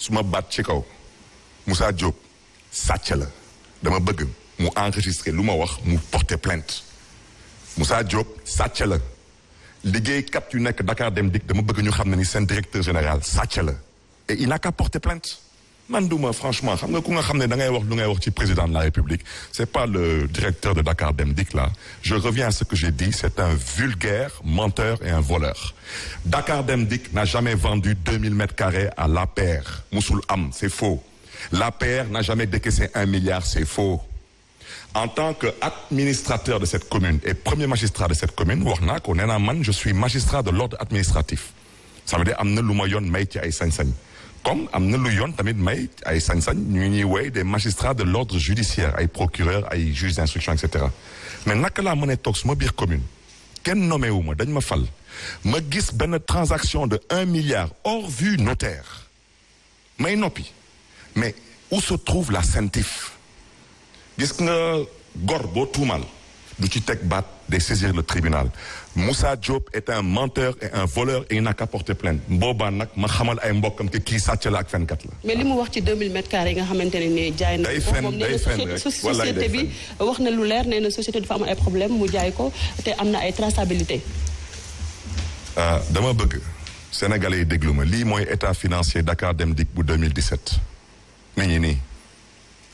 su ma baat ci kaw Moussa Diop sàcc la dama bëgg mu enregistré lu ma wax mu porté plainte Moussa Diop sàcc la liggéeykat yu nekk Dakar Dem Dikk dama bëgg ñu xam ne ni seen directeur général sàcc la et il n'a qu'à porter plainte man duma franchement xam nga ku nga xam ne da ngay wax lu ngay wax ci président de la République c'est pas le directeur de Dakar Dem Dikk là je reviens à ce que j'ai dit c'est un vulgaire menteur et un voleur Dakar Dem Dikk n'a jamais vendu 2000 mètres carrés à l'APR musul am c'est faux l'APR n'a jamais décaissé un milliard c'est faux en tant que administrateur de cette commune et premier magistrat de cette commune wax naa ko nee naa man je suis magistrat de l'ordre administratif ça veut am na lu ma yoon may ci ay sañ-sañ comme am na lu yoon tamit may ay sañ-sañ ñu ñuy woy des magistrats de l'ordre judiciaire ay procureur ay juge d'instruction et cetera mais naka la mën a toog suma biir commune kenn nommé wu ma dañ ma fal ma gis benn transaction de un milliard hors vue notaire may noppi mais où se trouve la CENTIF gis nga gor boo tuumal du ci teg baat de saisir le tribunal Moussa Diop est un menteur et un voleur et il n'a qu'à porter plainte nag ma xamal ay mbokkam que kii sàcc la ak fenkat la. mais li mu wax ci 2000 mètres carrés yi nga xamante ne nii jaay na. day fen société bi wax na lu leer nee na société dafa am ay problème mu jaay ko te am na ay traçabilité. Ah, dama bëgg Sénégalais yi déglu ma lii mooy état financier Dakar Dem Dikk bu 2017. mi ngi nii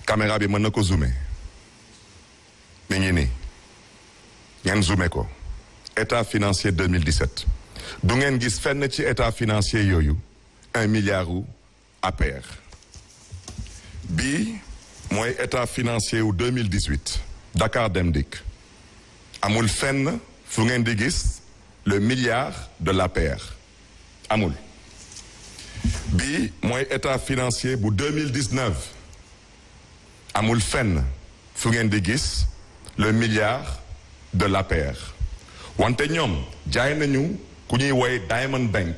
caméra bi mën na ko zoomer mi ngi nii. ngeen zoomé ko état financier 2017 du ngeen gis fenn ci état financier yooyu un milliard u APR bii mooy état financier wu 2018 Dakar Dem Dikk amul fenn fu ngeen di gis le milliard de la l'APR amul bi mooy état financier bu 2019 amul fenn fu ngeen di gis le milliard de l'APR wante ñoom jaay nañu ku ñuy woy Diamond Bank